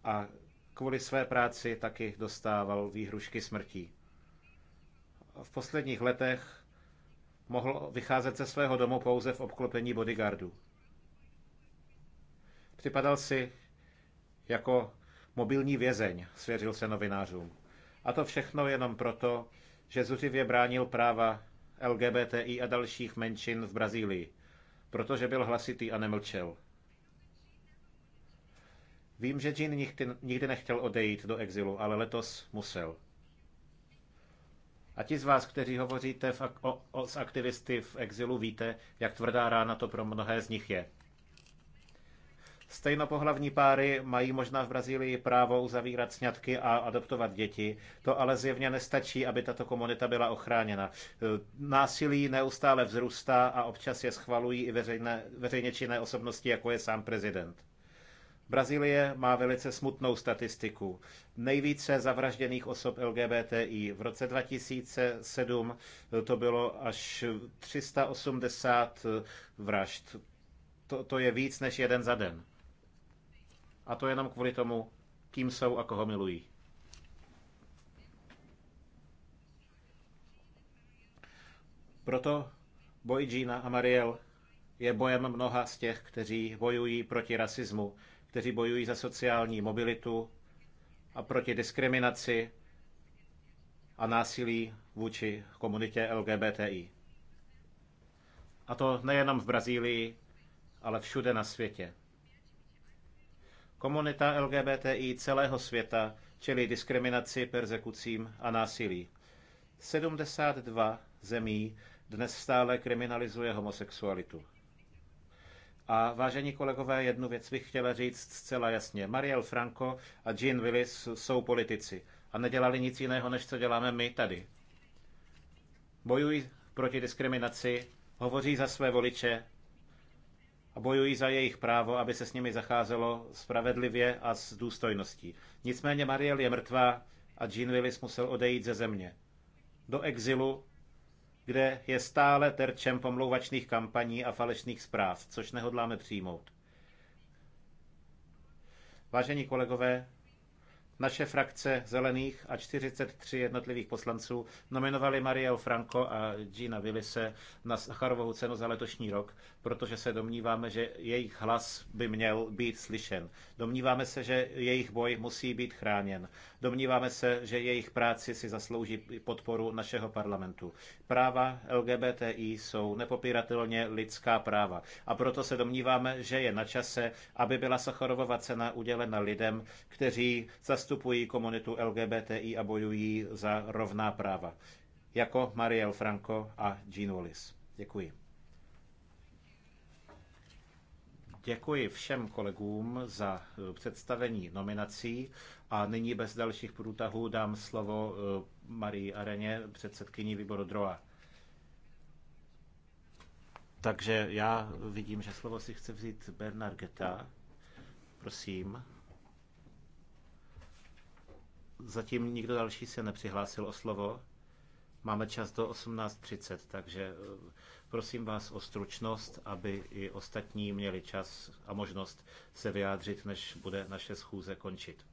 A kvůli své práci taky dostával výhrušky smrti. V posledních letech mohl vycházet ze svého domu pouze v obklopení bodyguardů. Připadal si jako mobilní vězeň, svěřil se novinářům. A to všechno jenom proto, že zuřivě bránil práva LGBTI a dalších menšin v Brazílii, protože byl hlasitý a nemlčel. Vím, že Jean nikdy, nikdy nechtěl odejít do exilu, ale letos musel. A ti z vás, kteří hovoříte v, o, o, s aktivisty v exilu, víte, jak tvrdá rána to pro mnohé z nich je. Stejnopohlavní páry mají možná v Brazílii právo uzavírat sňatky a adoptovat děti. To ale zjevně nestačí, aby tato komunita byla ochráněna. Násilí neustále vzrůstá a občas je schvalují i veřejné, veřejně činné osobnosti, jako je sám prezident. Brazílie má velice smutnou statistiku. Nejvíce zavražděných osob LGBTI v roce 2007 to bylo až 380 vražd. To, to je víc než jeden za den. A to jenom kvůli tomu, kým jsou a koho milují. Proto boj Gina a Mariel je bojem mnoha z těch, kteří bojují proti rasismu kteří bojují za sociální mobilitu a proti diskriminaci a násilí vůči komunitě LGBTI. A to nejenom v Brazílii, ale všude na světě. Komunita LGBTI celého světa čelí diskriminaci, persekucím a násilí. 72 zemí dnes stále kriminalizuje homosexualitu. A vážení kolegové, jednu věc bych chtěla říct zcela jasně. Mariel Franco a Jean Willis jsou politici a nedělali nic jiného, než co děláme my tady. Bojují proti diskriminaci, hovoří za své voliče a bojují za jejich právo, aby se s nimi zacházelo spravedlivě a s důstojností. Nicméně Mariel je mrtvá a Jean Willis musel odejít ze země. Do exilu kde je stále terčem pomlouvačných kampaní a falešných zpráv, což nehodláme přijmout. Vážení kolegové, naše frakce zelených a 43 jednotlivých poslanců nominovali Mariel Franco a Gina Willise na Sacharovovu cenu za letošní rok, protože se domníváme, že jejich hlas by měl být slyšen. Domníváme se, že jejich boj musí být chráněn. Domníváme se, že jejich práci si zaslouží podporu našeho parlamentu. Práva LGBTI jsou nepopíratelně lidská práva a proto se domníváme, že je na čase, aby byla Sacharovova cena udělena lidem, kteří za zastupují komunitu LGBTI a bojují za rovná práva, jako Mariel Franco a Jean Willis. Děkuji. Děkuji všem kolegům za eh, představení nominací a nyní bez dalších průtahů dám slovo eh, Marii Areně, předsedkyni výboru DROA. Takže já vidím, že slovo si chce vzít Bernard Geta. Prosím. Zatím nikdo další se nepřihlásil o slovo. Máme čas do 18.30, takže eh, prosím vás o stručnost, aby i ostatní měli čas a možnost se vyjádřit, než bude naše schůze končit.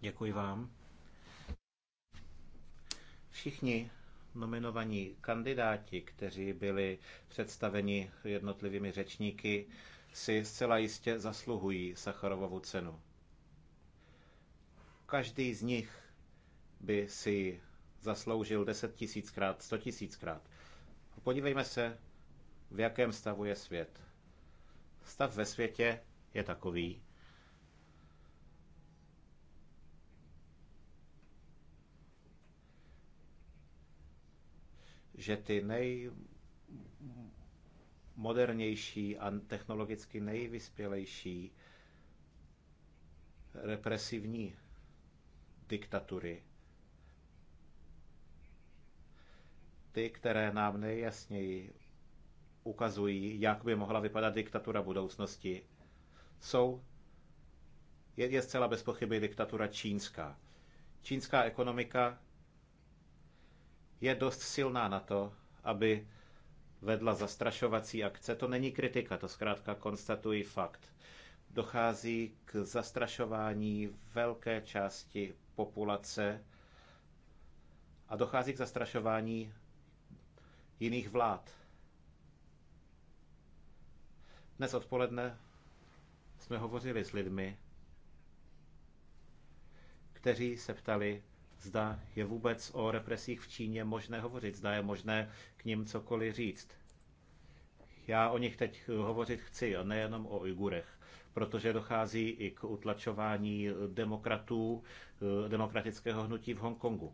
Děkuji vám. Všichni nominovaní kandidáti, kteří byli představeni jednotlivými řečníky, si zcela jistě zasluhují Sacharovovu cenu. Každý z nich by si zasloužil 10 tisíckrát, 100 tisíckrát. Podívejme se, v jakém stavu je svět. Stav ve světě je takový, že ty nejmodernější a technologicky nejvyspělejší represivní diktatury, ty, které nám nejjasněji ukazují, jak by mohla vypadat diktatura budoucnosti, jsou, je, je zcela bez pochyby diktatura čínská. Čínská ekonomika je dost silná na to, aby vedla zastrašovací akce. To není kritika, to zkrátka konstatuji fakt. Dochází k zastrašování velké části populace a dochází k zastrašování jiných vlád. Dnes odpoledne jsme hovořili s lidmi, kteří se ptali, Zda je vůbec o represích v Číně možné hovořit, zda je možné k ním cokoliv říct. Já o nich teď hovořit chci, a nejenom o Ujgurech, protože dochází i k utlačování demokratů, eh, demokratického hnutí v Hongkongu.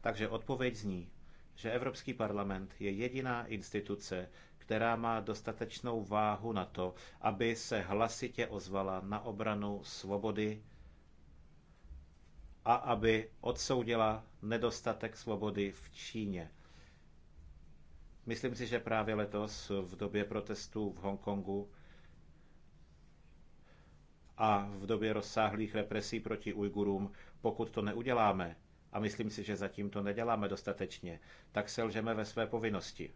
Takže odpověď zní, že Evropský parlament je jediná instituce, která má dostatečnou váhu na to, aby se hlasitě ozvala na obranu svobody a aby odsoudila nedostatek svobody v Číně. Myslím si, že právě letos v době protestů v Hongkongu a v době rozsáhlých represí proti Ujgurům, pokud to neuděláme, a myslím si, že zatím to neděláme dostatečně, tak selžeme ve své povinnosti.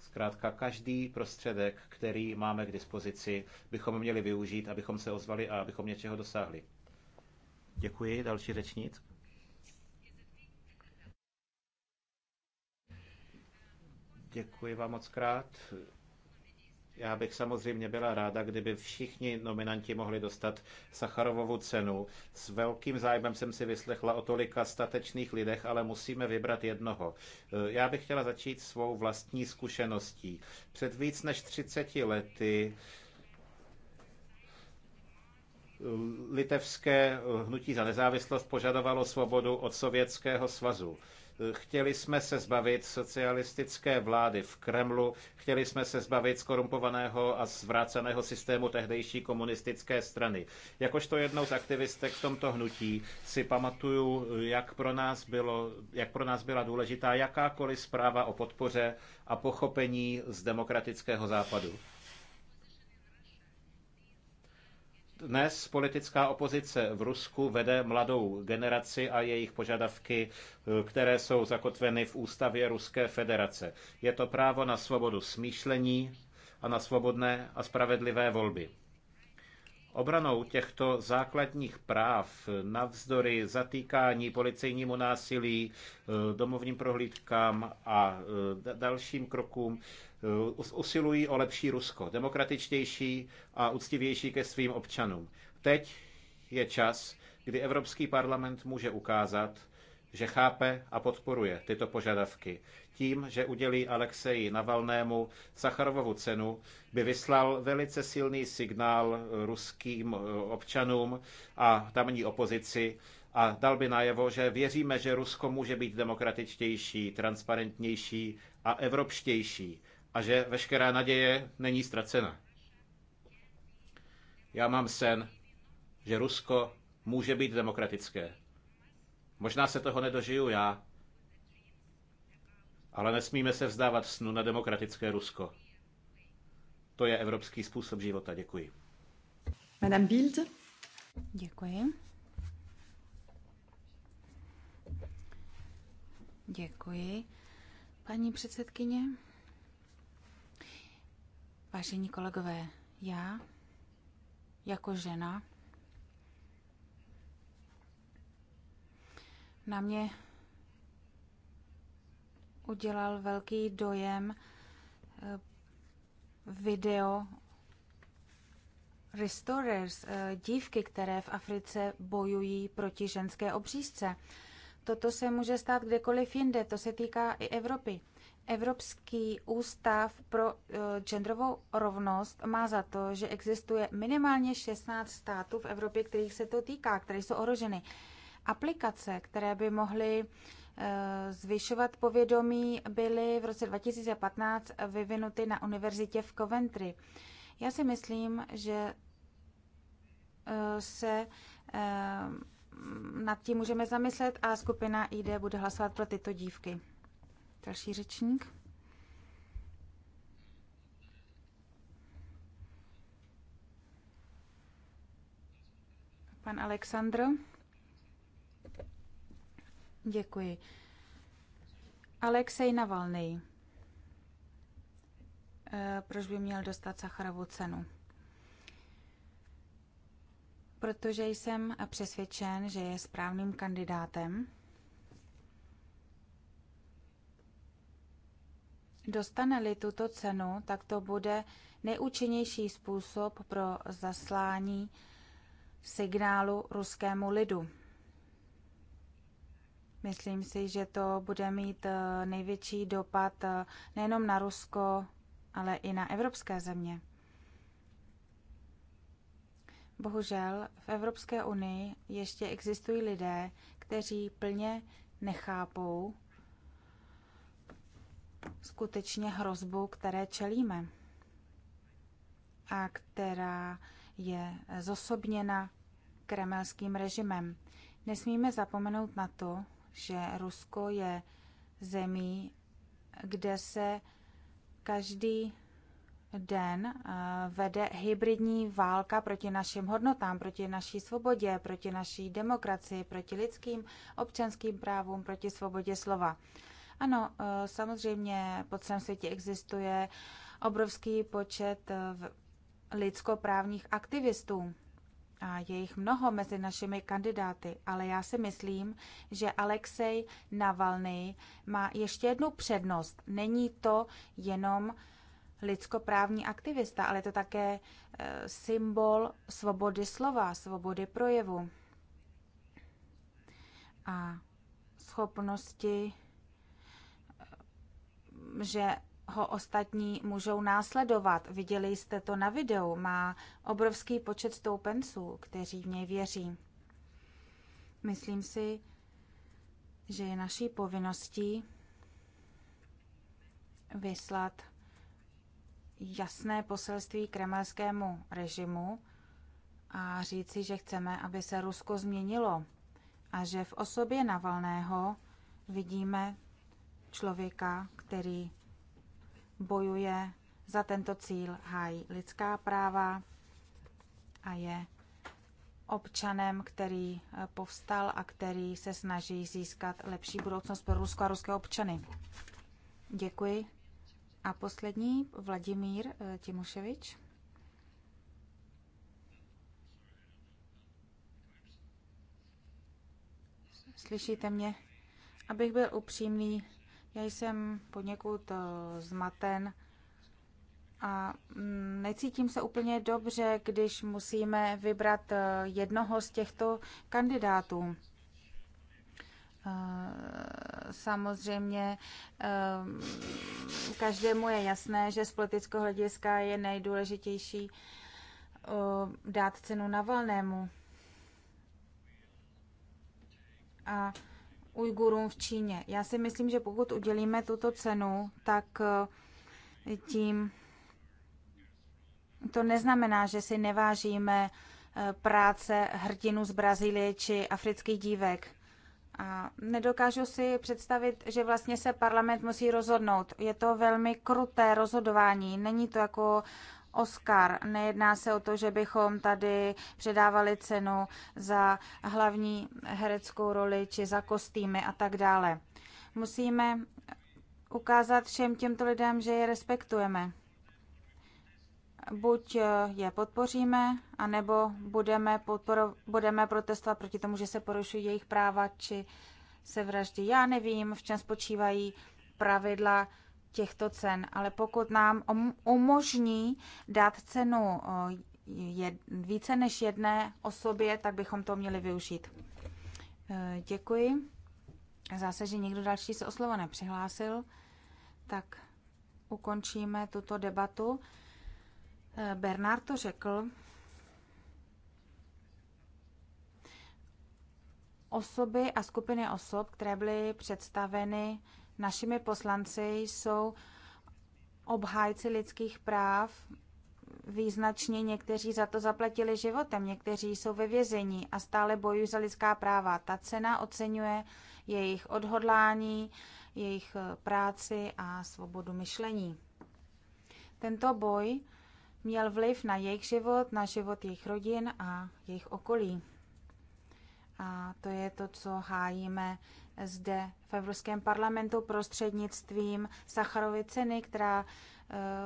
Zkrátka každý prostředek, který máme k dispozici, bychom měli využít, abychom se ozvali a abychom něčeho dosáhli. Děkuji. Další řečnic. Děkuji vám moc krát. Já bych samozřejmě byla ráda, kdyby všichni nominanti mohli dostat Sacharovovu cenu. S velkým zájmem jsem si vyslechla o tolika statečných lidech, ale musíme vybrat jednoho. Já bych chtěla začít svou vlastní zkušeností. Před víc než 30 lety Litevské hnutí za nezávislost požadovalo svobodu od Sovětského svazu. Chtěli jsme se zbavit socialistické vlády v Kremlu, chtěli jsme se zbavit skorumpovaného a zvráceného systému tehdejší komunistické strany. Jakožto jednou z aktivistek v tomto hnutí si pamatuju, jak pro nás, bylo, jak pro nás byla důležitá jakákoliv zpráva o podpoře a pochopení z demokratického západu. Dnes politická opozice v Rusku vede mladou generaci a jejich požadavky, eh, které jsou zakotveny v ústavě Ruské federace. Je to právo na svobodu smýšlení a na svobodné a spravedlivé volby. Obranou těchto základních práv navzdory zatýkání policejnímu násilí, eh, domovním prohlídkám a eh, dalším krokům eh, usilují o lepší Rusko, demokratičtější a uctivější ke svým občanům. Teď je čas, kdy Evropský parlament může ukázat, že chápe a podporuje tyto požadavky. Tím, že udělí Alexeji Navalnému Sacharovovu cenu, by vyslal velice silný signál ruským eh, občanům a tamní opozici a dal by najevo, že věříme, že Rusko může být demokratičtější, transparentnější a evropštější a že veškerá naděje není ztracena. Já mám sen, že Rusko může být demokratické Možná se toho nedožiju já, ale nesmíme se vzdávat snu na demokratické Rusko. To je evropský způsob života. Děkuji. Madame Bild. Děkuji. Děkuji, paní předsedkyně. Vážení kolegové, já jako žena na mě udělal velký dojem eh, video Restorers, eh, dívky, které v Africe bojují proti ženské obřízce. Toto se může stát kdekoliv jinde, to se týká i Evropy. Evropský ústav pro eh, genderovou rovnost má za to, že existuje minimálně 16 států v Evropě, kterých se to týká, které jsou ohroženy aplikace, které by mohly eh, zvyšovat povědomí, byly v roce 2015 vyvinuty na univerzitě v Coventry. Já si myslím, že eh, se eh, nad tím můžeme zamyslet a skupina ID bude hlasovat pro tyto dívky. Další řečník. Pan Aleksandr. Děkuji. Alexej Navalny. Eh, proč by měl dostat Sacharovu cenu? Protože jsem přesvědčen, že je správným kandidátem. Dostane-li tuto cenu, tak to bude nejúčinnější způsob pro zaslání signálu ruskému lidu Myslím si, že to bude mít eh, největší dopad eh, nejenom na Rusko, ale i na evropské země. Bohužel v Evropské unii ještě existují lidé, kteří plně nechápou skutečně hrozbu, které čelíme a která je zosobněna kremelským režimem. Nesmíme zapomenout na to, že Rusko je zemí, kde se každý den eh, vede hybridní válka proti našim hodnotám, proti naší svobodě, proti naší demokracii, proti lidským občanským právům, proti svobodě slova. Ano, eh, samozřejmě po celém světě existuje obrovský počet eh, lidskoprávních aktivistů a je jich mnoho mezi našimi kandidáty, ale já si myslím, že Alexej Navalny má ještě jednu přednost. Není to jenom lidskoprávní aktivista, ale je to také e, symbol svobody slova, svobody projevu a schopnosti, e, že ho ostatní můžou následovat. Viděli jste to na videu, má obrovský počet stoupenců, kteří v něj věří. Myslím si, že je naší povinností vyslat jasné poselství kremelskému režimu a říci, že chceme, aby se Rusko změnilo a že v osobě Navalného vidíme člověka, který bojuje za tento cíl, hájí lidská práva a je občanem, který eh, povstal a který se snaží získat lepší budoucnost pro Rusko a ruské občany. Děkuji. A poslední, Vladimír eh, Timoševič. Slyšíte mě? Abych byl upřímný, já jsem poněkud eh, zmaten a mm, necítím se úplně dobře, když musíme vybrat eh, jednoho z těchto kandidátů. Eh, samozřejmě každému je jasné, že z politického hlediska je nejdůležitější dát cenu volnému. A Ujgurům v Číně. Já si myslím, že pokud udělíme tuto cenu, tak eh, tím to neznamená, že si nevážíme eh, práce hrdinů z Brazílie či afrických dívek. A nedokážu si představit, že vlastně se parlament musí rozhodnout. Je to velmi kruté rozhodování. Není to jako Oscar. Nejedná se o to, že bychom tady předávali cenu za hlavní hereckou roli či za kostýmy a tak dále. Musíme ukázat všem těmto lidem, že je respektujeme. Buď eh, je podpoříme, anebo budeme, podporo- budeme protestovat proti tomu, že se porušují jejich práva či se vraždí. Já nevím, v čem spočívají pravidla těchto cen, ale pokud nám umožní dát cenu je, více než jedné osobě, tak bychom to měli využít. E, děkuji. Zase, že někdo další se o slovo nepřihlásil, tak ukončíme tuto debatu. E, Bernard to řekl. Osoby a skupiny osob, které byly představeny Našimi poslanci jsou obhájci lidských práv, význačně někteří za to zaplatili životem, někteří jsou ve vězení a stále bojují za lidská práva. Ta cena oceňuje jejich odhodlání, jejich eh, práci a svobodu myšlení. Tento boj měl vliv na jejich život, na život jejich rodin a jejich okolí. A to je to, co hájíme zde v Evropském parlamentu prostřednictvím Sacharovy ceny, která e,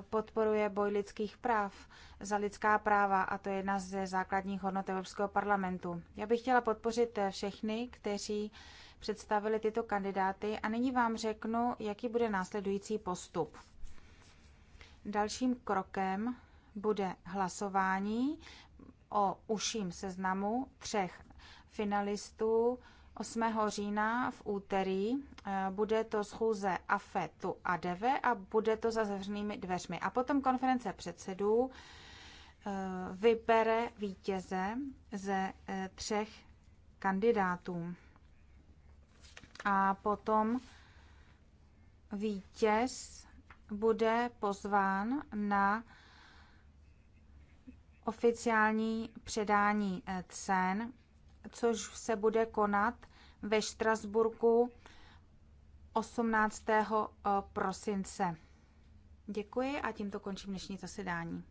podporuje boj lidských práv za lidská práva a to je jedna ze základních hodnot Evropského parlamentu. Já bych chtěla podpořit e, všechny, kteří představili tyto kandidáty a nyní vám řeknu, jaký bude následující postup. Dalším krokem bude hlasování o uším seznamu třech finalistů 8. října v úterý eh, bude to schůze AFETu a DEVE a bude to za zavřenými dveřmi. A potom konference předsedů eh, vybere vítěze ze eh, třech kandidátů. A potom vítěz bude pozván na oficiální předání cen což se bude konat ve Štrasburku 18. Eh, prosince. Děkuji a tímto končím dnešní zasedání.